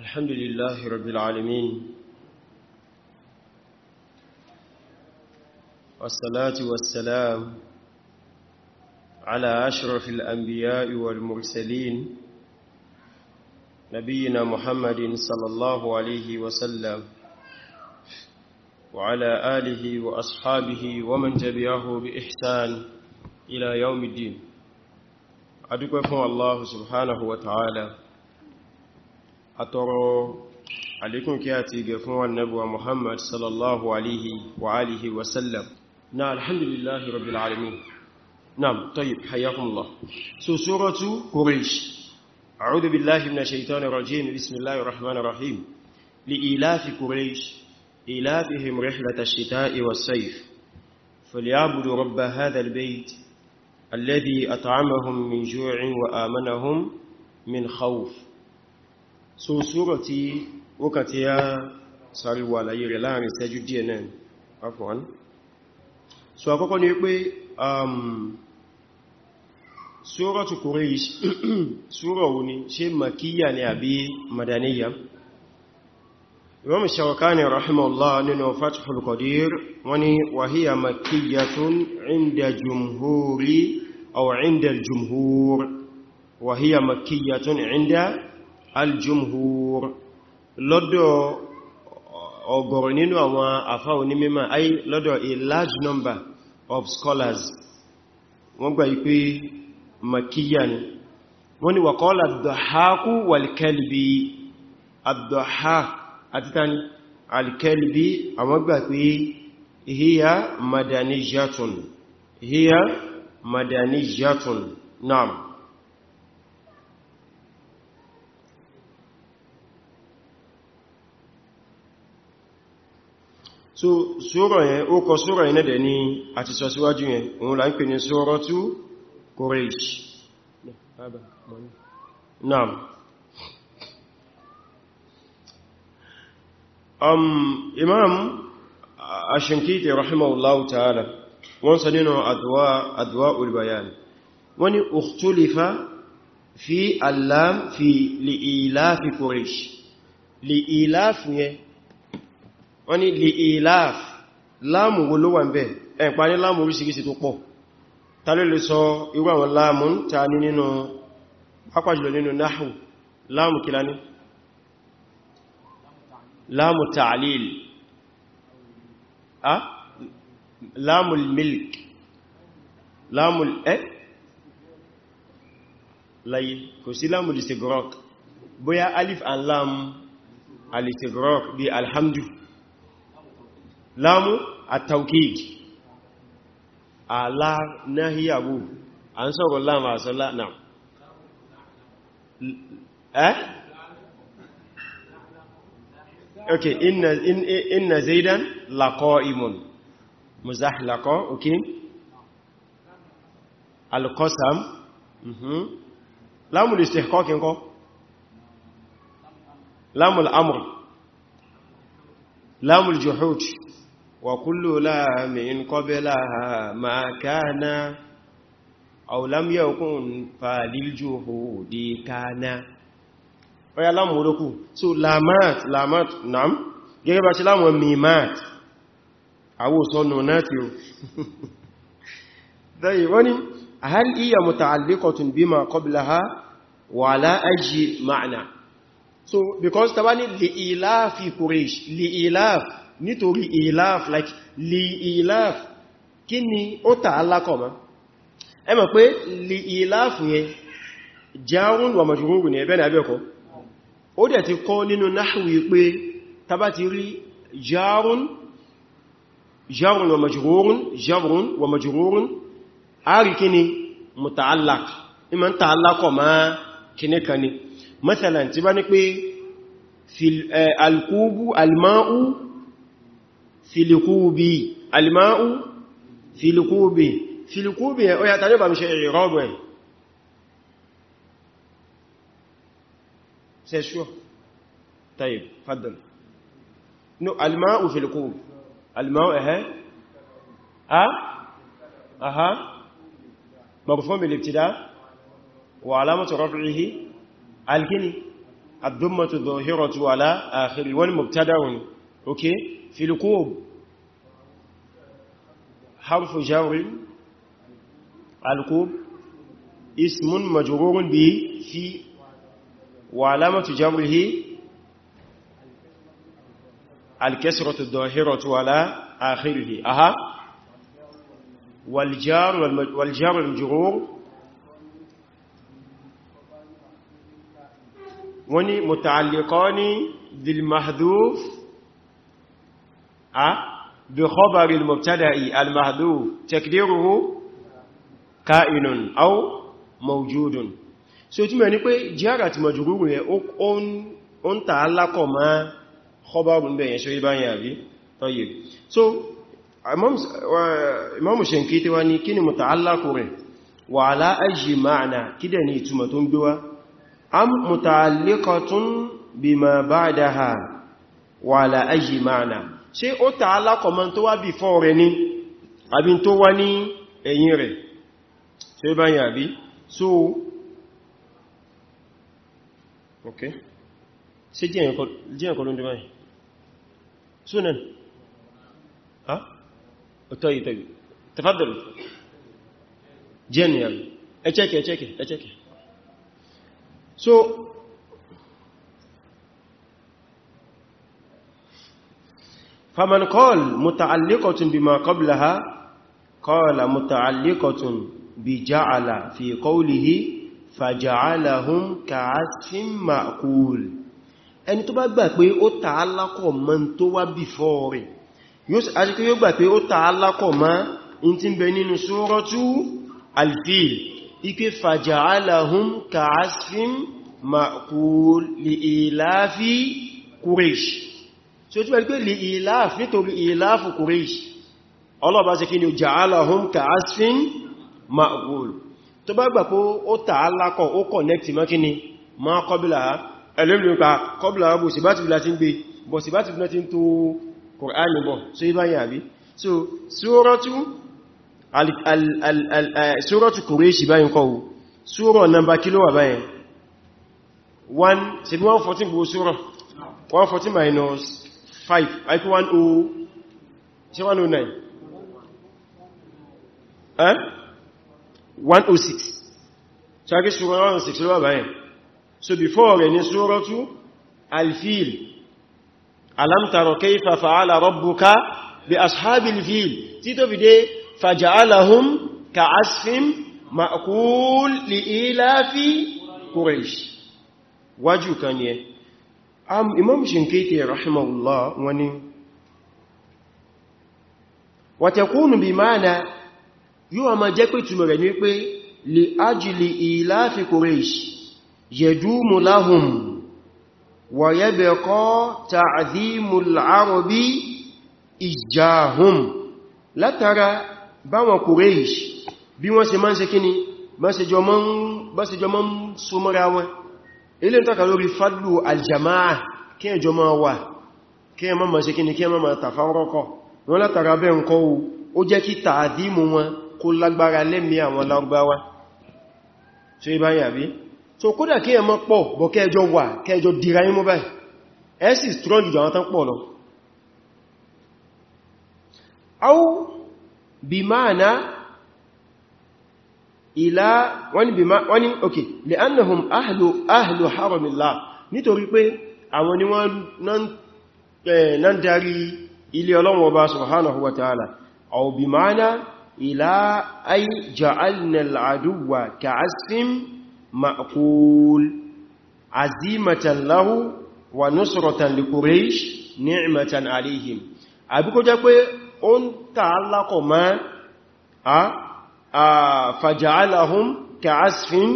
الحمد لله رب العالمين والصلاة والسلام على أشرف الأنبياء والمرسلين نبينا محمد صلى الله عليه وسلم وعلى آله وأصحابه ومن تبعه بإحسان إلى يوم الدين أدوكم الله سبحانه وتعالى atọrọ alékún kí a ti gẹ fún wọn nabuwa muhammad sallallahu alihi wa alihi wasallam na alhamdulillahi rabbil alamin nam tayyib hayyakumullah so suratu quraish a'udhu billahi minash shaitanir rajim bismillahir rahmanir rahim li ilafi quraish ilafihim rihlatash shita'i was sayf falyabudu rabb hadha albayt الذي min ju'in wa amanahum min khawf so sura tí wákàtí ya sàríwà àlàyé rẹ̀ láàrin ṣẹ́jú díẹ̀ náà afọ́n so àkọ́kọ́ ni pé um, suratu Quraysh sura wo ni ṣe makiyya ni àbí madaniyya imam shawakani rahimahullah nínú fathul qadir wani wahiya makiyyatun inda jumhuri aw inda al-jumhur wahiya makiyyatun inda aljumhur lọ́dọ̀ ọ̀gọ̀rọ̀ nínú àwọn àfá onímímọ̀ ayé lọ́dọ̀ a large number of scholars wọ́n gbà wípé makíyà ni wọ́n ni wàkọ́lá dọ̀hákú wàlìkẹ́lìbí àdọ̀há àtítàní alìkẹ́lìbí àwọn gbà pé hiya madaniyatun hiya madaniyatun naam so sura yẹn ó kọ sura yẹn nẹ́dẹ̀ ní àti sọ síwájú yẹn òun là ń pè ní suratu Quraish naam um, imam ashinkiti rahimahullahu ta'ala wọ́n sọ nínú adwa'ul bayan wọ́n ni ukhtulifa fi allam fi li'ilafi Quraish li'ilafi yẹn wọ́n ni lè ìlàáf láàmù wo ló wà ń bẹ̀ ẹ̀pá ní láàmù oríṣiríṣi tó pọ̀ ta ló lè sọ irú àwọn láàmù ta ní nínú pápájùlọ nínú náhù láàmù kìlá ní láàmù ta'lil a láàmù milk láàmù ẹ́ láyé kò sí láàmù listigrok bóyá alif and lam bí alhamdu láàmú àtàukid àlá náhíyàwó à ń sọ̀rọ̀ láàmù àṣọ́lá náà eh okay inna inna zaidan laqa'imun muzahlaqa okay al-qasam mhm láàmù lè ṣe kọ́kínkọ́ láàmù al'amur láàmù jùhúd wà kúlù láàmìn kọbíláha ma káàna àwòlámiyàkún fàlìljùhúdí káàna ọya láàmù olókù so lamat lamat nam gẹ́gẹ́ bá ṣe láàmù mimat àwòsọ́nù náà tí ó dáyé wọ́n ni هل هي متعلقة بما قبلها ولا أجي معنى so because tàbá ní lè ìláàfi Quraysh lè ìláàf nítorí ilaf like lè ìláàf kí ni ó tà alákọ̀ọ́mọ́ ẹ mọ̀ pé lè ìláàf yẹn jarun wà majrurun ní ẹbẹ́ ní abẹ́ẹ̀kọ́ ó dẹ̀ ti kọ́ nínú nahwi pé tàbá ti rí jarun jarun wà majrurun jarun wà majrurun a rí kí ni muta'allaq ìmọ̀ ń tà alákọ̀ọ́mọ́ kìníkaní mẹ́sàlá tí bá ní pé alkúbù almá'u filikúbi almá'u filikúbi filikúbi ẹ̀ oya tàbí bá mi ṣe ìrọ́bù ẹ̀ sẹ́ṣọ́ tayib fadal no almá'u filikúbi almá'u ẹ̀hẹ́ ha aha marufon bil ibtida wa alamatu rafihi alkini ad-dammatu adh-dhahiratu ala akhiri wal mubtada'un okay fil qub harfu jarr al-qub ismun majrurun bi fi wa alamatu jarrihi al-kasratu adh-dhahiratu ala akhirihi aha wal jar wal jar al-majrur wọ́n ni mutaalliqani dhil mahdhuf a bi khabari al-mubtada'i al-mahdhuf takdiruhu ka'inun aw mawjudun so tí mẹ́ ní pé jíára ti majruru rẹ̀ ó ń ta alákọ̀ ma khabarun bẹ̀yẹn ṣe ibáyẹ̀ tọ́yẹ̀ so imamu Shankiti wa ni kí ni mutaallaku rẹ̀ wa ala ayyi ma'na am mutaalliqatun bima ba'daha wala ayi ma'na ṣé ó ta alákọ̀mọ́ tó wá before rẹ̀ ní àbí tó wá ní ẹ̀yìn rẹ̀ ṣe bá yà bí so ok ṣe jẹ́ ẹ̀kọ́ ló ń dé báyìí sunan ha ọ̀tọ́ ìtọ́gbì tafadọ̀lù jẹ́ ni àbí ẹ̀chẹ́kẹ̀ ẹ̀chẹ́kẹ̀ ẹ̀chẹ́kẹ̀ so faman qala muta'alliqatun bima qablaha qala muta'alliqatun bi ja'ala fi qawlihi faja'alahum ka'asfin ma'kul ẹni tó bá gbà pé ó ta alákọ̀ mọ́ tó wá before rẹ̀ yóò gbà pé ó ta alákọ̀ mọ́ in ti bẹ nínú suratu al-Fil ike fàjàálàhún kàásfin ma'kul lè ìláàfí kúrèṣ tí ó túnbẹ̀ pé lè ìláàf nítorí ìláàfù kúrèṣ ọlọ́bá sí kí ni jàálàhún kàásfin ma'kul tó bá gbà pé ó tààlákọ̀ ó kọ̀nẹ́kì mọ́ kí ni ma kọbílá ẹlẹ́lẹ́pa kọbílá ọgbò síbátìbìlá ti ń gbé bọ̀ ṣúrọ̀tù eh, kòrèṣì báyìí kọ́wù ṣúrọ̀ nàmbà kí ló wà báyìí 1 ṣe bí 114 gbogbo ṣúrọ̀ 114 minus 5 àìkú 109 eh 106 ṣàkí ṣúrọ̀ 106 ló wà báyìí so before rẹ̀ ni ṣúrọ̀tù alfil alam tara kayfa fa'ala rabbuka bi ashabil fil tí tó fi dé فجعلهم كعسف مأكول لإلاف قريش وجو كان يه امام شنكيتي رحمه الله واني وتكون بمعنى يو اما جاكوي تمره لأجل إلاف قريش يدوم لهم ويبقى تعذيم العرب لا ترى báwọn Quraysh bí wọ́n ṣe máa ń ṣe kíni báṣẹjọ máa ń so mọ́ra wọn ilé ń tọ́ka lórí fadlu aljamaa kí ẹjọ máa wà kí ẹ máa ṣe kíni kí ẹ máa tàfárọ́kọ̀ wọn látara bẹ́ ń kọ́ ó jẹ́ kí tààdímù wọn kó lágbára lẹ́mí àwọn lárúbáwá ṣe báyìí àbí so kódà kí ẹ máa pọ̀ بمعنى إلى wọ́n ni okay لأنهم أهل أهل حرم الله nítorí pé àwọn ni wọ́n nan darí ilé Ọlọ́run Ọba subhanahu wa ta'ala أو بمعنى إلى أي جعلنا العدو كعسف مأقول عزيمة له ونصرة لقريش نعمة عليهم àbíkó jẹ́ pé ó ń tààlákọ̀ mọ́ fàjáàláhùn kàásfin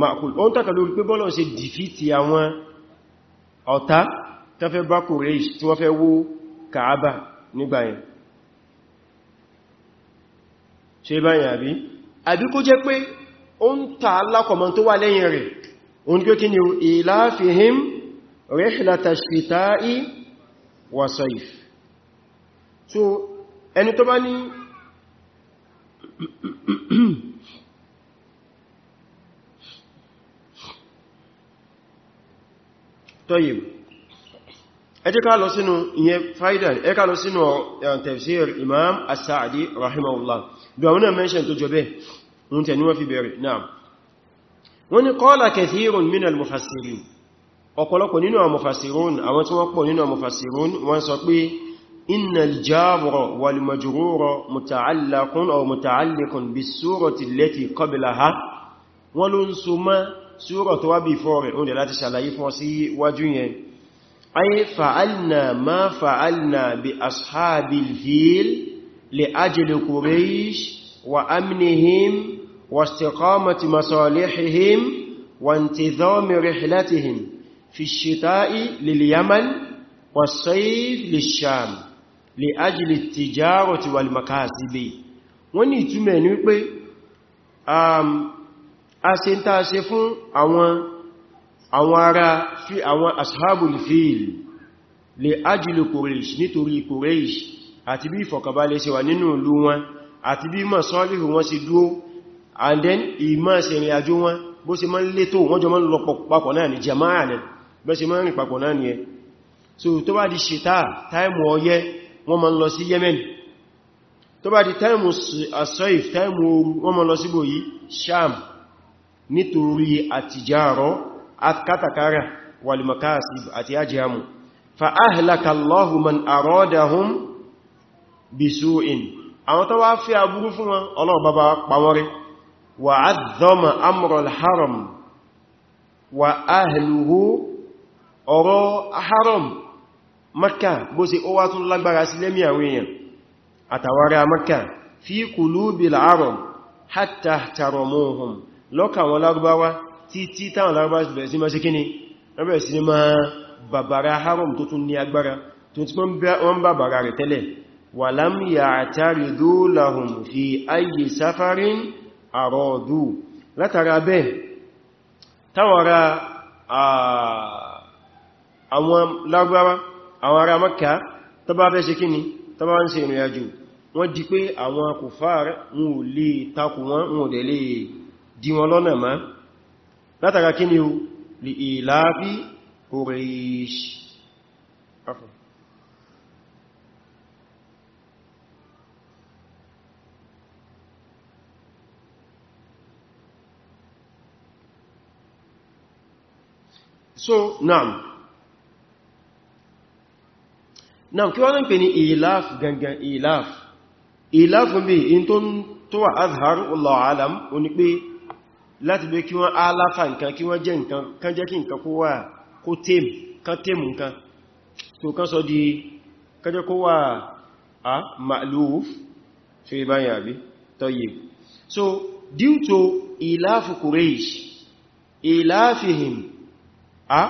makul ó ń tàkà lórí pé bọ́lọ̀ ṣe dìfìtì àwọn ọ̀tá tó fẹ́ bá Quraysh tí wọ́n fẹ́ wó kàábà nígbà yẹn ṣe báyìí àbí àbí kó jẹ́ pé ó ń tààlákọ̀ mọ́ tó wà lẹ́yìn rẹ̀ òun kí ó kí ni ìláfihim rihlata ẹni tó bá ní tọ́yìí ẹ jẹ́ ká lọ sínú ìyẹn fàídà ẹ ká lọ sínú tafsir imam as-sa'adi rahimahullah bí àwọn náà mẹ́ṣẹ́ tó jọ bẹ́ẹ̀ oúnjẹ ni wọ́n fi bẹ̀rẹ̀ náà wọ́n ni qala kathirun min al ọ̀pọ̀lọpọ̀ nínú àwọn mufassirun àwọn tí wọ́n pọ̀ nínú àwọn mufassirun wọ́n sọ pé إن الجابر والمجرور متعلقون أو متعلق بالسورة التي قبلها ولنسما سورة وبفور عند لا تشعلي فرسي وجنين أي فعلنا ما فعلنا بأصحاب الفيل لأجل قريش وأمنهم واستقامة مصالحهم وانتظام رحلتهم في الشتاء لليمن والصيف للشام lè ajílì tìjárò ti wà lè maka síbé wọ́n ní ìtumẹ̀ ní wípé um, a ṣe ń tàà ṣe fún àwọn ará fi àwọn ashabul fil lè ajílì kòrèṣ nítorí kòrèṣ àti bí ìfọ̀kàbalẹ̀ ṣe wà nínú ìlú wọn àti bí mọ̀ sọ́lìhù wọn sì dúó and then ìmọ̀ ṣe rìn àjò wọn bó ṣe mọ́ ń lé so tó bá di ṣe táà táìmù wọ́n ma ń lọ sí Yemen tó bá di táìmù asọ́if táìmù ooru wọ́n ma lọ síbò yìí Sham nítorí àtijáàrọ́ àkátàkárà walimakasib àti ajiyamu fa ahlakallahu man aradahum bisu'in àwọn tó wá fi aburú fún wọn ọlọ́ọ̀bá bá pàwọ́rẹ́ wa azzama haram wa ahluhu ọ̀rọ̀ haram Makka bó ṣe ó wá tún lágbára sí lẹ́mí àwọn èèyàn àtàwárá Makka fi qulubil arab hatta taramuhum lọ́kà àwọn lárúbáwá títí táwọn lárúbáwá bẹ̀rẹ̀ sí máa ṣe kíni rẹ̀bẹ̀ sí máa bàbàrá haram tó tún ní agbára tó tí wọ́n bàbàrá rẹ̀ tẹ́lẹ̀ àwọn lárúbáwá àwọn ará Mẹ́kà tó bá fẹ́ ṣe kíni tó bá ń ṣe ìrìn àjò wọ́n di pé àwọn kùfàr wọn ò lè takù wọn wọn ò dẹ̀ lè dí wọn lọ́nà má látara kíni o lè ìlàáfí so naam náà kí wọ́n ń pè ní ìlàf gangan ìlàf ìlàf bí i tó ń tó wà azhar wallahu alam o ní pé láti bí kí wọ́n aláfà nǹkan kí wọ́n jẹ́ nǹkan kan jẹ́ kí nǹkan kó wà kó tèm kan tèm nǹkan tó kan sọ di kẹjẹ́ kó wà a ma'lúf ṣe báyìí àbí tayyib so due to ìlàf Quraysh ìlàfihim a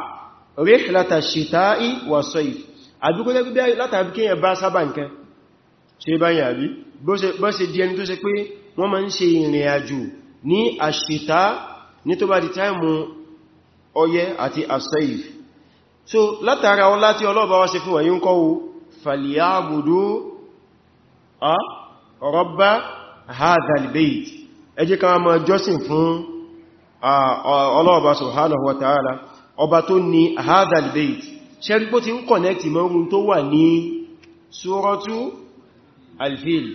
rihlata shita'i wa sayf àbí kó jẹ́ pé látàbí kí èyàn bá sábà nǹkan ṣe báyìí àbí bó ṣe di ẹni tó ṣe pé wọ́n ma ń ṣe ìrìn àjò ní àṣìta ní tó bá di táìmù ọyẹ́ àti àṣẹ́yìí so látara ọlá tí ọlọ́ọ̀bá wá ṣe fún wọ̀nyí ń kọ́ wo fàlìyàbùdó rabba hadhal bayt ẹ jẹ́ ká máa jọ́sìn fún ọlọ́ọ̀bá subhanahu wa ta'ala ọba tó ní hadhal bayt ṣẹ́rí pó ti ń kọ̀nẹ́kì mọ́rún tó wà ní ṣúrọ́tú alfil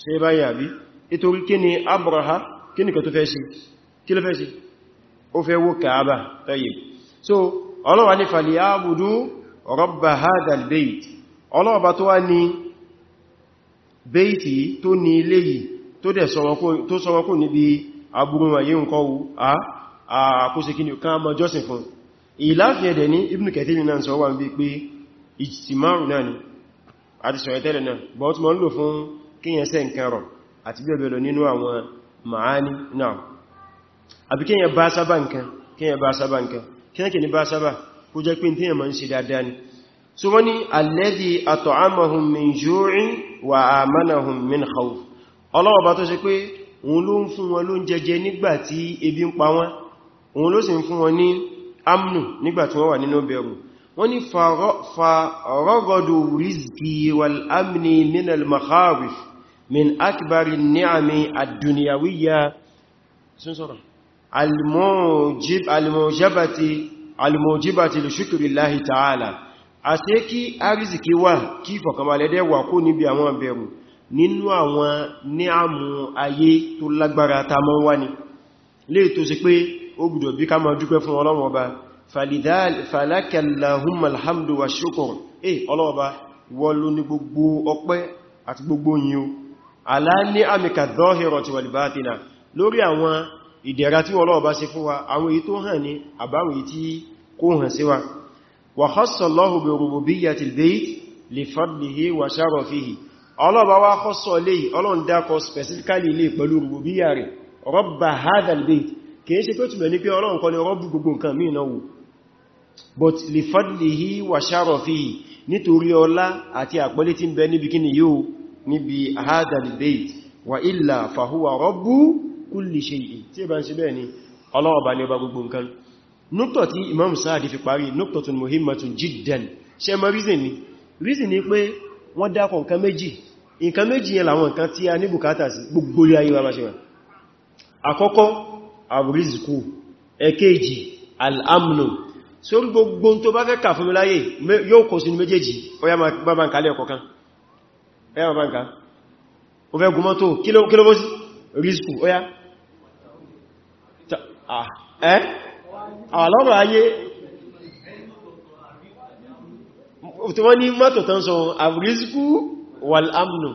ṣe báyìí àbí ìtorí kí ni abraha kí ni kò tó fẹ́ ṣe kí ló fẹ́ ṣe ó fẹ́ wó kàábà tẹ́yẹ so ọlọ́wà ní fàlìyàbùdú rọ́bà hadal bait ọlọ́wà tó wá ní bẹ́ẹ̀tì tó ní ilé yìí tó a kó ni ká mọ́ ìláfin ẹ̀dẹ̀ ní Ibn Kathir náà sọ wà ń bí pé ìjìtìmáàrù náà ni àti sọ̀rọ̀ tẹ́lẹ̀ náà bọ́ tí wọ́n lò fún kíyànṣẹ́ nǹkan rọ̀ àti bẹ́ẹ̀bẹ̀lọ nínú àwọn màání náà àbí kíyàn bá sábà nǹkan kíyàn bá sábà nǹkan kíyàn kì ní bá sábà kó jẹ́ pé tíyàn ma ń ṣe dáadáa ni so wọ́n ni alladhi at'amahum min ju'in wa amanahum òun ló sì ń fún wọn ní amnu nígbàtí wọ́n wà nínú bẹ̀rù wọ́n ní faragadu rizki wal amni min al makharif min akbari ni'ami ad-dunyawiyya sun sọ́rọ̀ al-mujibati al-mujibati li shukri Allahi ta'ala a ṣe kí arziki wà kí fọ̀kànbalẹ̀dẹ́ wà kó níbi àwọn bẹ̀rù nínú àwọn ní àmú ayé tó lágbára ta mọ́ wá tó sì pé ó gbọ́dọ̀ bí ká máa dúpẹ́ fún Ọlọ́run Ọba falakallahumma alhamdu wa shukr eh Ọlọ́run Ọba ìwọ ló ní gbogbo ọpẹ́ àti gbogbo yìn o ala ni amika dhahirati wal batina lórí àwọn ìdẹ̀ra tí Ọlọ́run Ọba ṣe fún wa àwọn èyí tó hàn ní àbáwọn èyí tí kò hàn sí wa wa khassallahu bi rububiyyatil bayt li fadlihi wa sharafihi Ọlọ́run Ọba wa khassọ lèyí Ọlọ́run dákọ specifically lè pẹ̀lú rububiyya rẹ̀ rabba hadha al bayt kìí ṣe tó túnbẹ̀ ní pé ọlọ́run kọ́ ni rọ́bù gbogbo nǹkan mí náwó but li fadlihi wa sharafihi nítorí ọlá àti àpọ́lé tí ń bẹ níbi kíni yóò níbi hadal bayt wa illa fahuwa rọ́bù kulli shay'in ni ọlọ́ọ̀bá ni ọba gbogbo nǹkan imam sáàdì fi parí nuktatun muhimmatun jiddan ṣe mọ́ reason ni reason ni pé wọ́n dákọ̀ nǹkan méjì nǹkan wa máa ṣe àrízìkú ẹ̀kẹ́jì al'amnu so rí gbogbo tó bá fẹ́ kà fún mi láyé yóò kò sínú méjèèjì ọya bá ń kalẹ̀ ọkọ̀kan ọya bá ń ká o fẹ́ gúnmọ́ tó kílò bó sí rízìkú ọya ẹ́ àlọ́rọ̀ ayé tí wọ́n ní mọ́tò tán sọ àrízìkú wàl'amnu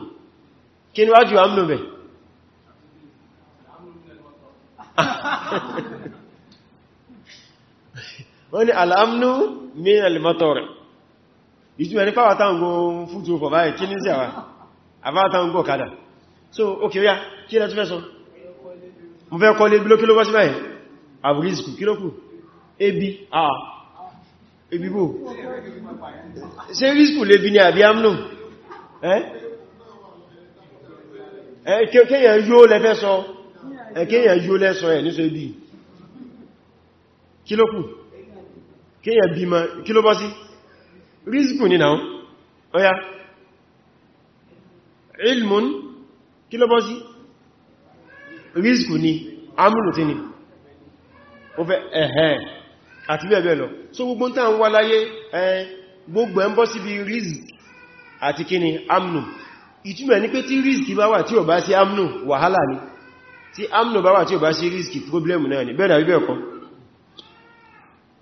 kí ni wájú amnu bẹ̀ wọ́n ni al'amnu min al-matar ìjú ẹni fáwà táǹgó fútù fọ̀ báyìí kí ní sí àwá àfáà táǹgó kádà so ok ya kí lẹ́tí fẹ́ sọ mo fẹ́ kọ́ lé bí ló kí ló bọ́ sí báyìí àbúrísìkù kí ló kù ebi àà ebi bò ṣe rísìkù lè bí ní ẹ̀kíyàn yóò lẹ́sọ ẹ̀ ní so ibi kí ló kù kíyàn bí ma kí ló bọ́ sí rízikù ní náà ọya ilmun kí ló bọ́ sí rízikù ní amúrù ni ó fẹ́ ẹ̀hẹ́ àti bí ẹ̀bẹ̀ lọ so gbogbo ń tàn wá láyé ẹ gbogbo ẹ̀ ń bọ́ síbi rízikù àti kí ni amnu ìtumọ̀ ní pé tí rízikù bá wà tí ò bá sí amnu wàhálà ni tí amno bá wà tí ó bá sí rísìkì problem náà ni bẹ́ẹ̀dà bíbẹ̀ ọkọ́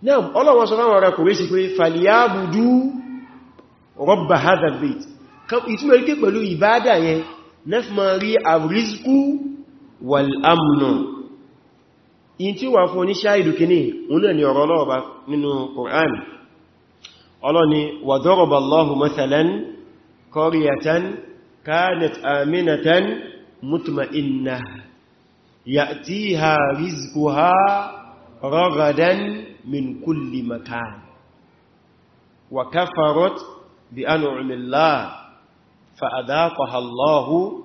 náà ọlọ́wọ́ sọ fáwọn ará kòwé sí pé fàlìyàbùdú rọ́bà hazard ìtumọ̀ ike pẹ̀lú ìbádà yẹn nẹ́fìmọ̀ rí àrísìkú wàl'amnà in tí wà fún oníṣẹ́ ìdùkíní onílẹ̀ ni ya'tiha rizquha ragadan min kulli makan wa kafarat bi an'amillah fa'adhaqaha Allahu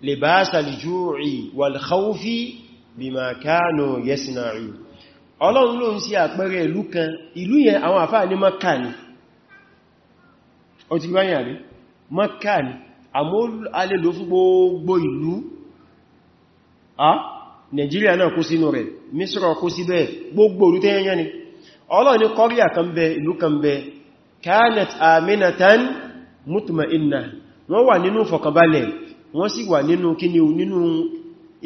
libasa al-ju'i wal khawfi bima kanu yasna'un Ọlọ́run ló ń ṣe àpẹẹrẹ ìlú kan ìlú yẹn àwọn àfáà ní Mákà ni ó ti wáyà rí ni a lè lò fún gbogbo ìlú Nigeria náà kó sínú rẹ̀ Misra kó sí bẹ́ẹ̀ gbogbo olú tẹ́yẹnyẹ́ ni ọlọ́ni Korea kan bẹ ìlú kan bẹ kanat aminatan mutma'inna wọ́n wà nínú fọ̀kànbalẹ̀ wọ́n sì wà nínú kíni nínú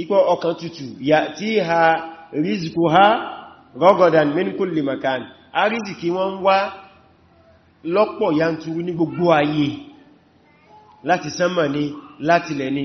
ipò ọkàn tutù yà tí ha rizikú ha rọ́gọ̀dàn min kulli makan a rizikí wọ́n wá lọ́pọ̀ yanturu ní gbogbo ayé láti sánmà ni látilẹ̀ ni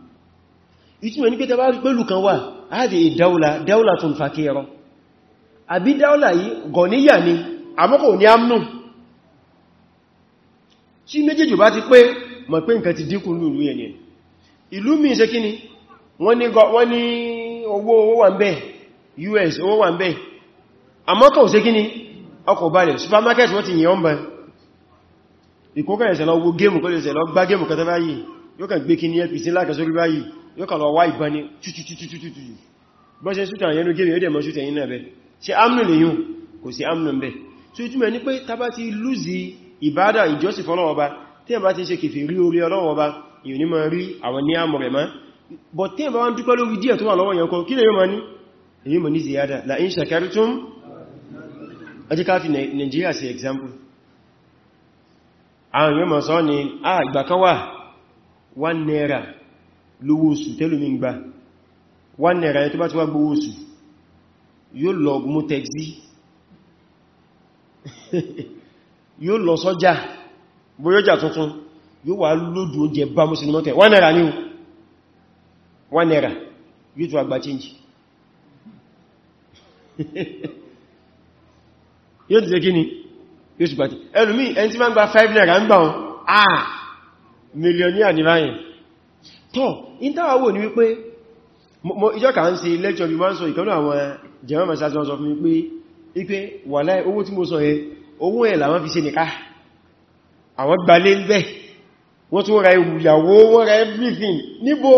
ìtumọ̀ ní pé tẹbá rí pẹ́lú kan wà áàdì ìdáúlà dáúlà tún fàkíyàrọ àbí dáúlà yìí gọ̀níyà ni àmọ́kọ̀ ní àmnù tí méjèjì bá ti pé mọ̀ pé nǹkan ti dínkù lúrú yẹn ìlú mi ṣe kíni wọ́n ní owó wà ń bẹ̀ US owó wà ń bẹ̀ àmọ́kọ̀ ṣe kíni ọkọ̀ balẹ̀ supermarket wọ́n ti yìnbọn bẹ̀ ìkókẹ̀ ìṣẹ̀lọ owó géèmù kọ́lẹ̀ ìṣẹ̀lọ gbá géèmù kẹta báyìí yóò kàn gbé kí ní ẹpì sí lákàsórí báyìí yóò kà lọ wá ìbọn ní tútútútútútù bọ́n ṣe sútà yẹnu gẹ́rẹ̀ yóò dẹ̀ mọ́ sútà yìí náà bẹ́ ṣe amnù lè yùn kò sí amnù bẹ́ so ìtumọ̀ ní pé tàbá ti lúzi ìbádà ìjọsìn fọ́lọ́wọ́ba tí ẹ̀bá ti ṣe kèfè rí orí ọlọ́wọ́ba yìí ní máa rí àwọn ní àmọ̀ rẹ̀ má bọ̀ tí ẹ̀bá wọ́n la in shakartum ọjọ́ Nigeria sí example àwọn yóò ah ìgbà kan wà 1 naira lówó oṣù tẹ́lùmí ń gba wọ́n nẹ̀rà ẹ̀ tó bá ti wá gbówó oṣù yóò lọ mú tẹ́gzí yóò lọ sọ́jà bóyọ́jà tuntun yóò wà lódù oúnjẹ bá mú sinimọ́ tẹ̀ wọ́n ní wọ́n nẹ̀rà yóò tó change yóò ti ṣe kí ni yóò ti gbà tí ẹlùmí ẹni gbà ah mílíọ̀níà ní tọ́ ìtàwò ní wípé ìjọ́ kà ń ṣe lẹ́jọ́ bí wọ́n sọ ìkanú àwọn jẹ́mọ́ mẹ́sàtọ́ sọ fún mi pé ipé wà láì owó tí mo sọ yẹ owó ẹ̀ làwọn fi ṣe nìká àwọn gbalé ń bẹ́ wọ́n tún ra ìyàwó wọ́n ra everything níbo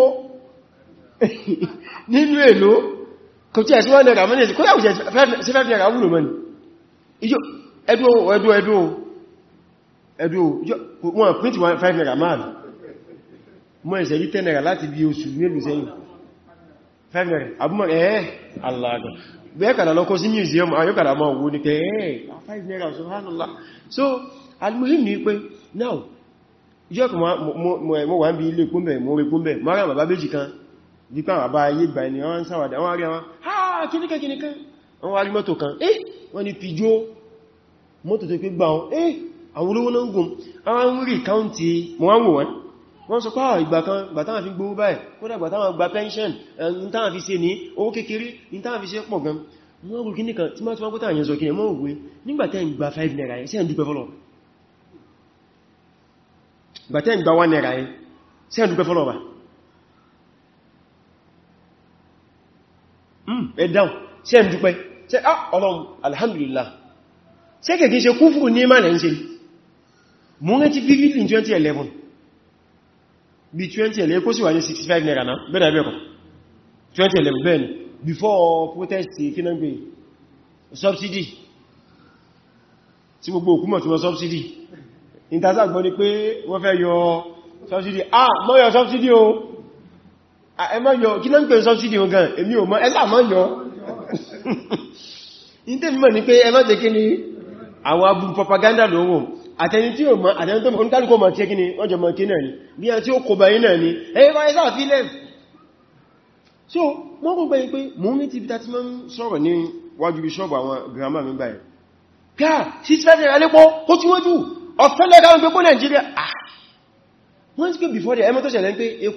nínú èlò kò tí ẹ̀sí wọ́n nẹ̀rà mọ́nìyàn kó yàwó sí fẹ́ nẹ̀rà wúlò mọ́ni ẹdú ẹdú ẹdú ẹdú wọ́n print 5 naira márùn-ún mọ́ ẹ̀sẹ̀ rí tẹ́nẹ̀rà láti bí oṣù mélòó sẹ́yìn fẹ́mẹ̀rẹ̀ àbúmọ̀ ẹ̀ẹ́ alága bẹ́ẹ̀kàlà lọ́kọ́ sí museum ayọ́kàlà mọ́ owó ní pé ẹ̀ẹ́ 5 so almuhim ni now yọ́k mọ́ wà ń bí ilé kúnbẹ̀ mọ́ orí mara bàbá méjì kan dípa bàbá ayé gbà ní wọ́n sáwàdà wọ́n ha kíníkà kíníkà wọ́n wá rí mọ́tò eh wọ́n ni pijó mọ́tò eh àwọn olówó náà ń gùn àwọn rí káùntì mọ́ wọ́n wọ́n sọ pàá ah, ìgbàtán fi gbówó báyìí kódà gbàtán gba pension ìntàn eh, fi ṣe ní owó kékeré ìntàn fi ṣe pọ̀ gan wọ́n rú kí nìkan tí máa tí wọ́n gbótà yẹn sọ kí ẹmọ́ òwe nígbàtẹ́ ìgbà 5 naira yẹn sí ẹ̀ dúpẹ́ fọ́lọ̀ gbàtẹ́ ìgbà 1 naira yẹn sí ẹ̀ dúpẹ́ fọ́lọ̀ bá hmm, ẹ̀ dáun sí ẹ̀ dúpẹ́ sí ah, ọlọ́run alhamdulillah sí kẹ̀kẹ́ ṣe kúfùrù ní ìmánà ń ṣe mú rántí vividly 2011 bí 20 ẹ̀lẹ́ kó sì wà ní 65 naira náà bẹ́ẹ̀ bẹ́ẹ̀kọ́ 20 ẹ̀lẹ́ bẹ́ẹ̀ ni before protest kí náà gbé subsidy tí gbogbo òkúmọ̀ tí wọ́n subsidy intasa gbọ́ ni pé wọ́n fẹ́ yọ subsidy ah mọ́ yọ subsidy o ẹ mọ́ yọ kí náà gbé subsidy o gan èmi ò mọ̀ ẹ sáà mọ́ yọ in tẹ́ fi mọ̀ pé ẹ mọ́ tẹ́ kí ni àwọn abúrú propaganda lówó àtẹni tí ó mọ̀ àtẹni tó mọ̀ oníkálùkọ́ mọ̀ tí ẹ kí ni wọ́n jẹ mọ̀ kí náà ni bí i tí ó kò báyìí náà ni ẹ̀yẹ́ bá ẹ̀sà fílẹ̀ so wọ́n kò gbẹ̀yìn pé mú ní ti bíta tí mọ́ ń sọ̀rọ̀ ní wájú bí ṣọ́ọ̀bù àwọn grandma mi báyìí gáà sí fẹ́sẹ̀ rẹ̀ lépo ó tí wọ́n jù ah! ọ̀fẹ́ lẹ́ka ń gbẹ́kọ́ Nàìjíríà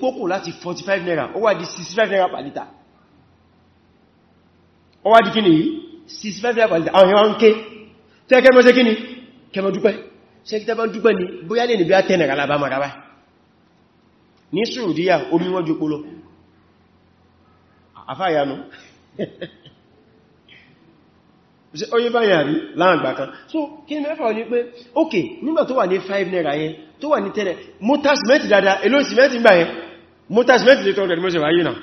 wọ́n naira ó wá di naira per litre ó wá di naira per litre àwọn èèyàn ń ké sí kí ni kẹmọ́ dúpẹ́ ṣe kí tẹ́bọ́n ni ní bóyá lè ní bí á tẹ́nà galaba maraba ní Saudiya omi wọ́n jùpó lọ àfáyánú oye báyà rí láàgbà kan so kí ni mẹ́fà ní pé ok nígbà tó wà ní 5 naira yẹn tó wà ní 10 naira dada èlò cement gbà yẹn motor cement lè tọ́ndẹ̀ mọ́sẹ̀ wáyé náà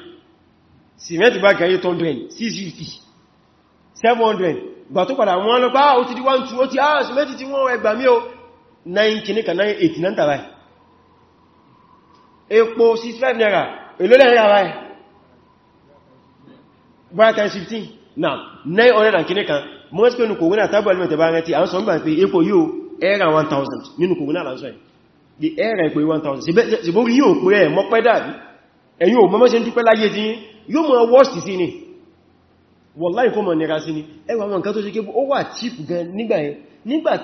cement bá kẹ́yẹ 200 650 700 gbà tó padà wọ́n lọ pá ah, ó ti di 120 ó ti á ah, cement ti 9 kìníkà 989 tàbí epo 65 naira èlólẹ̀ naira báyìí bright times 15 now 900 kìníkà mọ́sí pé nùkò wínà tábọ̀ ẹlùmẹ̀tẹ̀ bá rántí àwọn sọ́nbà pé epo yóò era 1000 nínú kò wínà lásọ̀ ẹ̀ ẹ̀rà epo 1000 síbórí yóò pé ẹ̀ mọ́pẹ́ dàbí ẹ̀yìn ò mọ́mọ́ sí ń dúpẹ́ láyé tí yóò mọ́ worst sí ni wọ́láì kó mọ̀ nira ni gan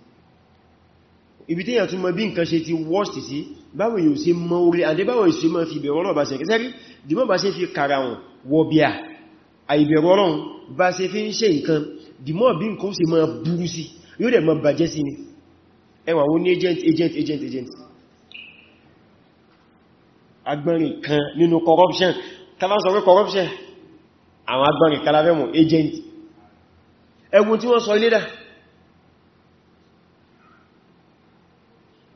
ibi tí yà tún mọ́ bí nǹkan ṣe ti worst sí báwọn yóò ṣe mọ́ orí àdé báwọn yóò ṣe mọ́ fi ìbẹ̀rọ ọlọ́run bá ṣe kẹsẹ́rí dìmọ́ bá ṣe fi kàrà wọn wọ́bíà àìbẹ̀rọ ọlọ́run bá ṣe fi ń ṣe nǹkan dìmọ́ bí nǹkan ṣe mọ́ burú agent agent agent agent agbọ́nrin kan nínú corruption tàbá sọ corruption àwọn agbọ́nrin agent ẹgbùn tí wọ́n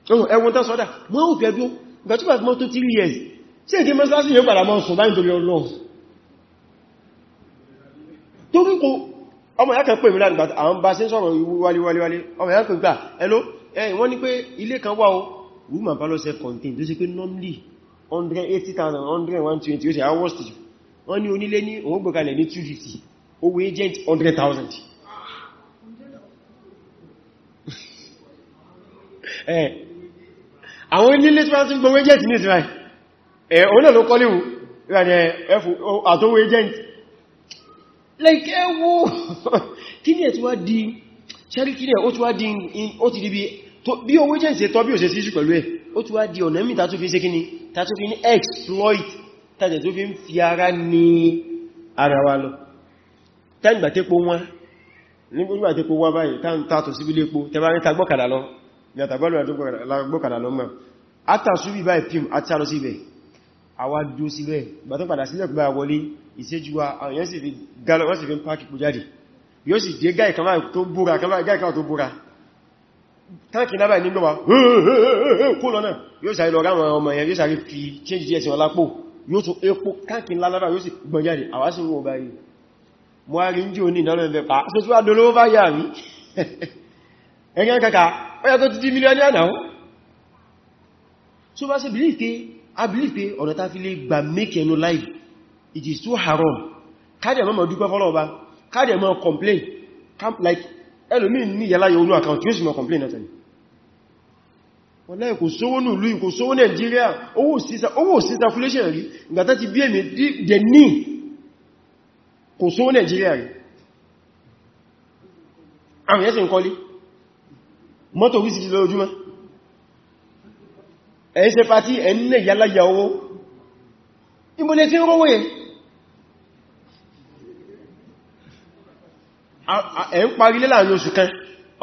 Oh, ẹwọ́n tán sọ́dá wọ́n ó fẹ́ dún ìgbà tí wọ́n tó 3 years tí èké mọ́sílásí yóò padà mọ́ sùn báyìí torí ọlọ́run tó rí kò ọmọ ìyá kan pè mí láti àwọn bá sí sọ̀rọ̀ wáléwálé ọmọ ìyá kan pè ẹlò wọ́n ní pé ilé kan wà ó woman palosse contain tó sì pé normally 180,000 120 ó sì àwọn worst wọ́n ní onílé ní òun gbọ́kalẹ̀ ní 250 owó agent 100,000 eh àwọn ilé tí wọ́n ti ń gbọ́ agent ní Israel ẹ̀ òun náà ló kọ́léwò àtọwò agent like ẹwọ́ kí ni ẹ̀ tí wá di ṣẹ́rí kí ni ẹ̀ ó ti wá di ó ti di bí bí owó agent ṣe tọ́ bí ò ṣe síṣù pẹ̀lú ẹ̀ ó ti wá di ọ̀nà mí tàtó fi ṣe kí ni tàtó fi ní exploit tàtẹ̀ tó fi ń fi ara ní ara wa lọ tẹ́gbàtẹ́po wọn nígbàtẹ́po wá báyìí tàtò síbílé epo tẹ́bá ní tagbọ́kàdà lọ yàtàgbọ́lù àdúgbòkàdà lọ́mọ́ àtàṣù bí báyìí pim àtàrọ síbẹ̀ àwa dúó síbẹ̀ bá tó padà sílẹ̀ gbá wọlé ìṣẹ́jú wa àwọn yẹn sì fi gálọ́ wọ́n sì fi ń pàkì kú jáde yóò sì dé gáì kan tó búra tánkì náà nínú wa kó lọ náà change díẹ̀ sí wọn lápò yóò tó epo káàkì ńlá lábà yóò sì gbọ́n jáde àwa sí wọn báyìí mo a rí ń jí o ní ìdánilẹ́fẹ́ pàá tó tí wá dolówó bá yà ẹgbẹ́ kẹta ọya tó ti di mílíọ̀nìyà náà so bá sí believe pé a believe pé ọ̀nà ta fi lè gbà make ẹnu láì it is too haram káàdẹ̀ mọ́ dúpẹ́ fọ́lọ́ọ̀bá káàdẹ̀ mọ́ complain like ẹlòmín ní yàlá yóò ní account yóò sì mọ́ complain náà tẹ̀lé wọ́n láì kò sówó ní ìlú ìkò sówó Nàìjíríà owó sí circulation rí ìgbàtà ti bí èmì dẹ̀ ní kò sówó Nàìjíríà rí àwọn yẹ́sìn kọlí mọ́tò wí sí ti lójúmọ́ ẹ̀yìn ṣe pàtí ẹ̀nlẹ̀ yálàyà owó ìbọ̀lẹ̀ tí ó rówó yẹn ẹ̀ ń parí lé láàrin oṣù kan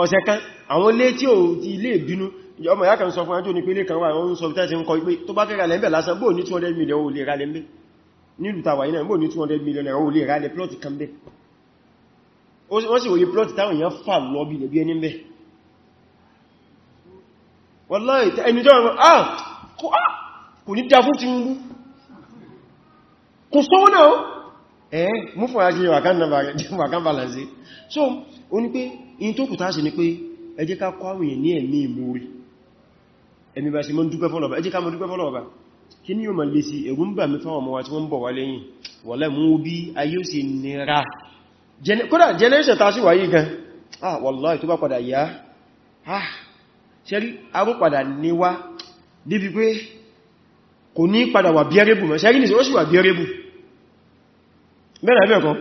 ọ̀sẹ̀ kan àwọn ilé tí ò ti ilé ìbínú ọmọ ìyá kan sọ fún ajó ní pé ilé kan wà wọ́n sọ tẹ́sí ń kọ pé tó bá 200 million owó lè ra lẹ́m̀bẹ̀ nílùú tàwà iná 200 million owó lè ra lẹ́ plọ́tì kan bẹ́ wọ́n sì wòye plọ́tì táwọn èèyàn fà lọ́bí lẹ́bí ẹni bẹ́ẹ̀ wallahi ẹnijọ́ ẹ̀rọ ah, ah kò ní dá fún Tinubu kò sọ́wọ́ náà ẹ̀ mú fún ajé wàkán balance so o ní pé in tó kùtà sí ni pé ẹ jẹ́ ká kwáwìyàn ní ẹ̀mí ìmúrí ẹ̀mí bá sí mọ́ dúpẹ́ fọ́lọ̀bá ẹ jẹ́ ká mọ́ dúpẹ́ fọ́lọ̀bá kí ní o mọ̀ lè sí ẹ̀rù ń bà mí fáwọn ọmọ wa tí wọ́n ń bọ̀ wá lẹ́yìn wọ̀lẹ́ mú bí ayé ó sì nira kódà generation ta sí wáyé gan ah wallahi tó bá padà yá ah ṣẹ́rí arúpadà níwá débi pé kò ní padà wà bí ẹrẹ́bù mẹ́ ṣẹ́rí nìsí ó sì wà bí ẹrẹ́bù bẹ́rẹ̀ bẹ́ẹ̀kọ́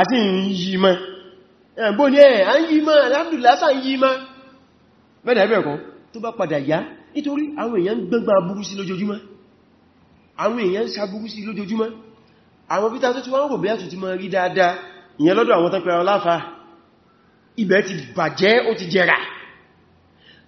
àti yìí mẹ́ ẹ̀bọ́ ní ẹ̀ à ń yìí mẹ́ aláàdùlásà ń yìí mẹ́ bẹ́rẹ̀ bẹ́ẹ̀kọ́ tó bá padà yá nítorí àwọn èèyàn gbẹ́gbà burú sí lójoojúmọ́ àwọn èèyàn sàbúrú sí lójoojúmọ́ àwọn pítà tó ti ibẹ̀ ti bàjẹ́ ó ti jẹrà